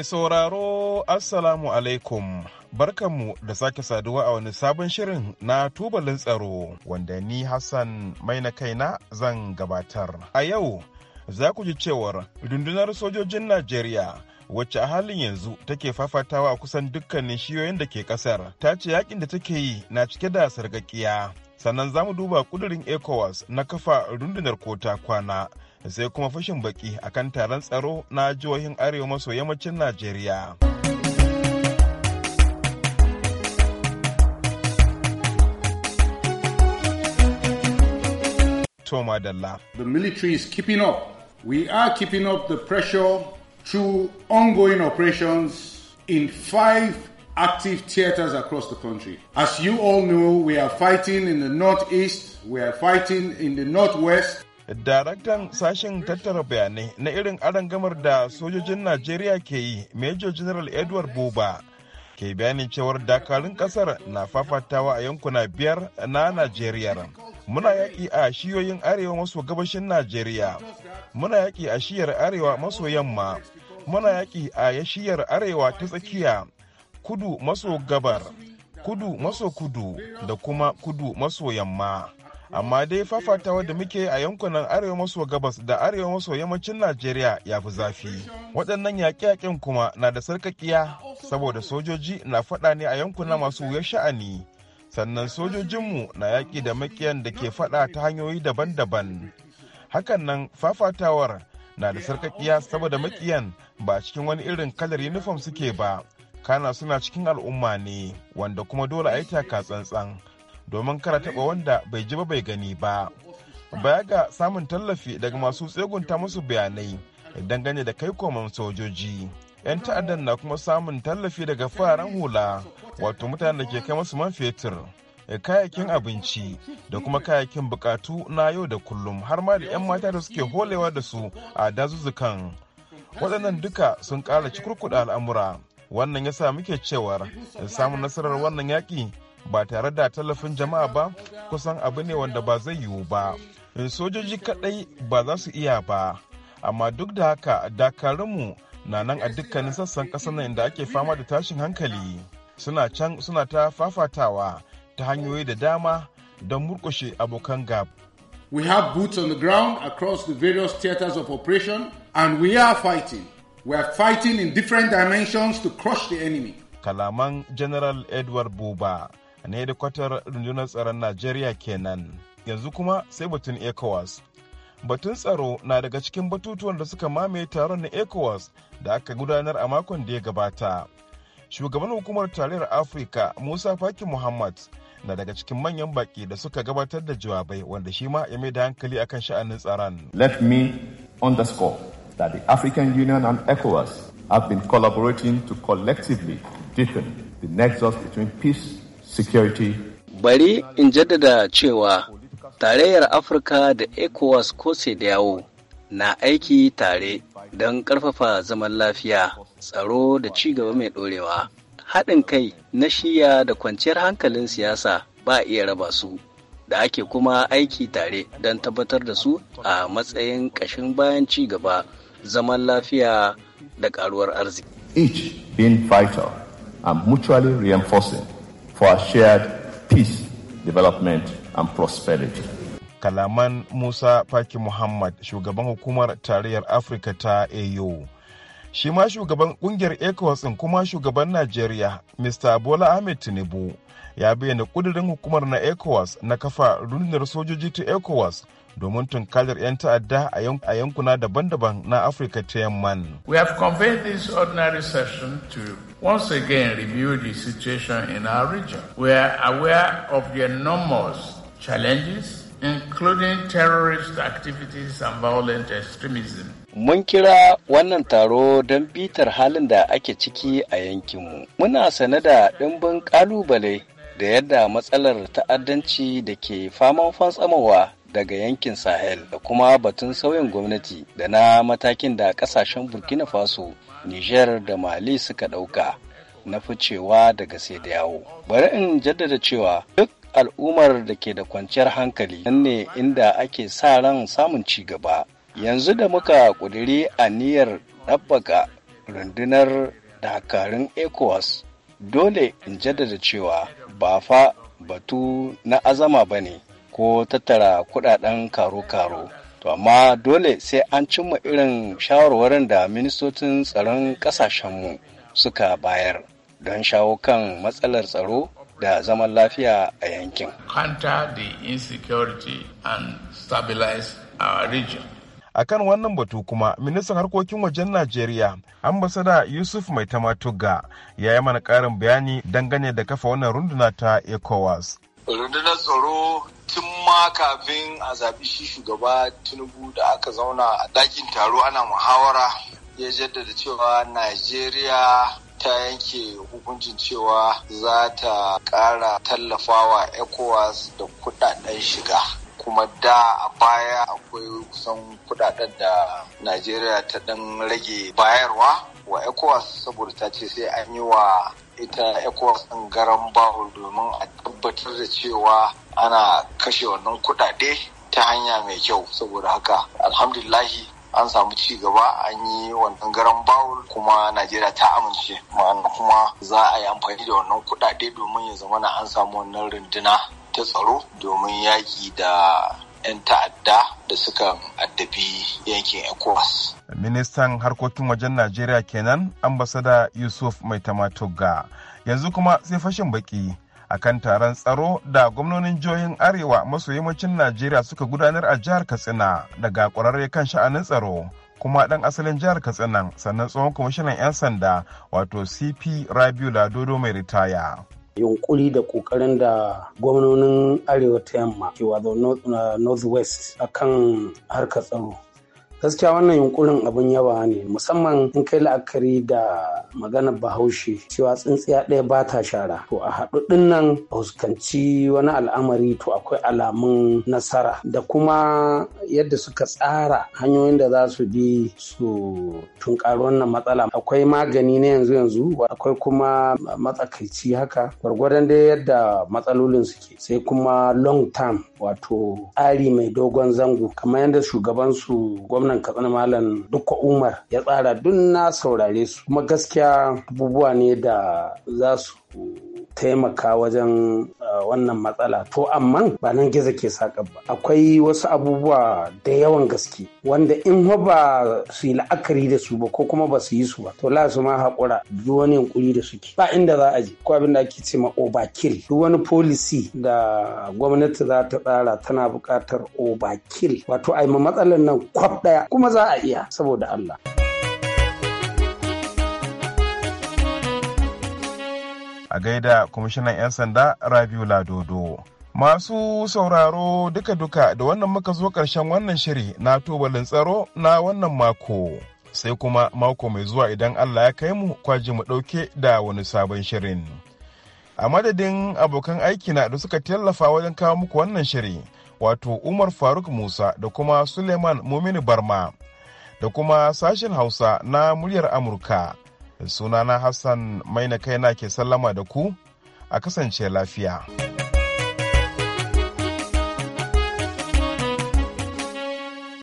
Mai sauraro Assalamu alaikum. Barkanmu da sake saduwa a wani sabon shirin na tubalin tsaro wanda ni Hassan mai na kaina zan gabatar. A yau za ku ji cewar rundunar sojojin Najeriya wacce a halin yanzu take fafatawa a kusan dukkanin shiyoyin da ke kasar ta ce yakin da take yi na cike da sargakiya sannan za mu duba kudurin ecowas na kafa rundunar kota kwana sai kuma baki akan taron tsaro na jihohin arewa maso yammacin najeriya Toma Dalla. The military is keeping up. We are keeping up the pressure through ongoing operations in five active theaters across the country. As you all know, we are fighting in the northeast, we are fighting in the northwest, daraktan sashen tattara bayanai na irin arangamar da sojojin najeriya ke yi major general edward buba ke bayanin cewar dakarun kasar na fafatawa a yankuna biyar na najeriya muna yaƙi a shiyoyin arewa maso gabashin najeriya muna yaƙi a shiyar arewa maso yamma muna yaƙi a shiyar arewa ta tsakiya kudu maso gabar kudu maso kudu da kuma kudu maso yamma amma dai fafatawa da muke a yankunan arewa maso gabas da arewa maso yammacin najeriya ya fi zafi waɗannan yaƙe-yaƙen kuma na da sarkakiya saboda sojoji na faɗa ne a yankuna masu wuyar sha'ani sannan sojojinmu na yaƙi da makiyan da ke faɗa ta hanyoyi daban-daban hakan nan fafatawar na da sarkakiya saboda makiyan ba cikin wani irin kalar yunifom suke ba kana suna cikin al'umma ne wanda kuma dole a yi taka tsantsan domin kara taɓa wanda bai ji ba bai gani ba baya ga samun tallafi daga masu tsegunta musu bayanai dangane da kai koman sojoji 'yan ta'addan na kuma samun tallafi daga fararen hula wato mutanen da ke kai masu man fetur eh, kayakin abinci da kuma kayakin bukatu na yau da kullum har ma da 'yan mata da suke holewa da su a dazuzzukan waɗannan duka sun ƙara cikurkuɗa al'amura wannan ya sa muke cewar eh, samun nasarar wannan yaƙi ba tare da tallafin jama'a ba kusan abu ne wanda ba zai yiwu ba sojoji kadai ba za su iya ba amma duk da haka dakarunmu na nan a dukkanin sassan ƙasar nan inda ake fama da tashin hankali suna can suna ta fafatawa ta hanyoyi da dama don murkushe abokan gab. We have boots on the ground across the various theaters of operation and we are fighting. We are fighting in different dimensions to crush the enemy. Kalaman General Edward Buba da kwatar rundunar tsaron najeriya kenan yanzu kuma sai batun ecowas batun tsaro na daga cikin batutuwan da suka mamaye taron na ecowas da aka gudanar a makon da ya gabata shugaban hukumar tarayyar afirka musa faki muhammad na daga cikin manyan baki da suka gabatar da jawabai wanda shi ma ya mai da hankali akan sha'anin tsaron let me underscore that the african union and ecowas have been collaborating to collectively deepen the nexus between peace security. Bari in jaddada cewa tarayyar Afirka da ECOWAS ko yawo na aiki tare don ƙarfafa zaman lafiya, tsaro da cigaba mai ɗorewa. Haɗin kai na shiya da kwanciyar hankalin siyasa ba iya raba su. da ake kuma aiki tare don tabbatar da su a matsayin ƙashin bayan ci gaba zaman lafiya da ƙaruwar arziki. Each being vital and mutually reinforcing for our shared peace, development and prosperity. Kalaman Musa Faki Muhammad shugaban hukumar tarayyar Afirka ta AU. Shi ma shugaban kungiyar ECOWAS kuma shugaban Najeriya, Mr. Bola Ahmed Tinubu, ya bayyana kudirin hukumar na ECOWAS na kafa rundunar sojoji ta ECOWAS domin tunkarar 'yan ta'adda a yankuna daban-daban na Afirka ta yamman. We have convened this ordinary session to once again review the situation in our region. We are aware of the enormous challenges including terrorist activities and violent extremism. Mun kira wannan taro don bitar halin da ake ciki a yankinmu. Muna sane da ɗimbin ƙalubale da yadda matsalar ta'addanci da ke faman fantsamawa daga yankin Sahel da kuma batun sauyin gwamnati da na matakin da kasashen Burkina Faso, Nijar da Mali suka ɗauka na fi cewa daga sai da yawo. Bari in jaddada cewa duk al'ummar da ke da kwanciyar hankali nan ne inda ake sa ran samun ci gaba. Yanzu da muka ƙudiri niyyar ɗabbaka rundunar dakarun ECOWAS dole in jaddada cewa ba fa batu na azama ba ne ko tattara kudaden karo-karo to amma dole sai an cimma irin shawarwarin da ministocin tsaron kasashenmu suka bayar don shawo kan matsalar tsaro da zaman lafiya a yankin. Counter the insecurity and stabilize our region. A kan wannan batu kuma, ministan harkokin wajen Najeriya, ambasada Yusuf Mai Tamatuga, ya yi mana ƙarin bayani dangane da kafa wannan runduna ta ECOWAS. Rundunar tsaro tun ma kafin a zaɓi shi shugaba tinubu da aka zauna a ɗakin taro ana muhawara ya jaddada cewa najeriya ta yanke hukuncin cewa za ta ƙara tallafawa ecowas da kuɗaɗen shiga kuma da a baya akwai kusan kuɗaɗen da najeriya ta ɗan rage bayarwa wa ecowas saboda ta ce sai an yi wa ita ecowas ɗin garan bawul domin a tabbatar da cewa ana kashe wannan kuɗaɗe ta hanya mai kyau saboda haka alhamdulillahi an samu ci gaba an yi wannan garan bawul kuma najeriya ta amince ma'ana kuma za a yi amfani da wannan kuɗaɗe domin ya zama an samu wannan runduna ta tsaro domin yaki da 'yan ta'adda da suka addabi yankin ecowas ministan harkokin wajen najeriya kenan ambasada yusuf mai tamatoga yanzu kuma sai fashin baki akan taron tsaro da gwamnonin jihohin arewa maso yammacin najeriya suka gudanar a jihar katsina daga kwararre kan sha'anin tsaro kuma dan asalin jihar katsina sannan tsohon kwamishinan 'yan sanda wato cp rabiu ladodo mai ritaya yunkuri da kokarin da gwamnonin arewa ta yamma ke wato north uh, west akan harkar tsaro gaskiya wannan yunkurin abin yawa ne musamman in kai la'akari da maganar bahaushe cewa tsintsiya ɗaya ba ta shara to a haɗuɗin nan fuskanci wani al'amari to akwai alamun nasara da kuma yadda suka tsara hanyoyin da za su bi su tunkari wannan matsala akwai magani na yanzu yanzu akwai kuma matsakaici haka gwargwadon dai yadda matsalolin suke sai kuma long term wato tsari mai dogon zango kamar yadda shugabansu gwamna. wannan katsina malam dukka umar ya tsara duk na saurare su kuma gaskiya abubuwa ne da za su taimaka wajen wannan matsala to amma ba nan gizo ke saƙa ba akwai wasu abubuwa da yawan gaske wanda in ba su yi la'akari da su ba ko kuma ba su yi su ba to la su ma haƙura duk wani yunkuri da suke ba inda za a je ko abin da ake ce ma overkill duk wani policy da gwamnati za ta tsara tana buƙatar overkill wato a yi matsalar nan kwaf ɗaya kuma za a iya saboda Allah. a gaida kwamishinan 'yan sanda rabiu ladodo masu sauraro duka-duka da wannan muka zo karshen wannan shiri na tubalin tsaro na wannan mako sai kuma mako mai zuwa idan allah ya kai mu kwaji mu dauke da wani sabon shirin a madadin abokan aiki na da suka tallafa wajen kawo muku wannan shiri wato umar faruk musa da kuma suleiman mumini barma da kuma sashen hausa na muryar amurka sunana hassan maina kaina ke sallama da ku a kasance lafiya.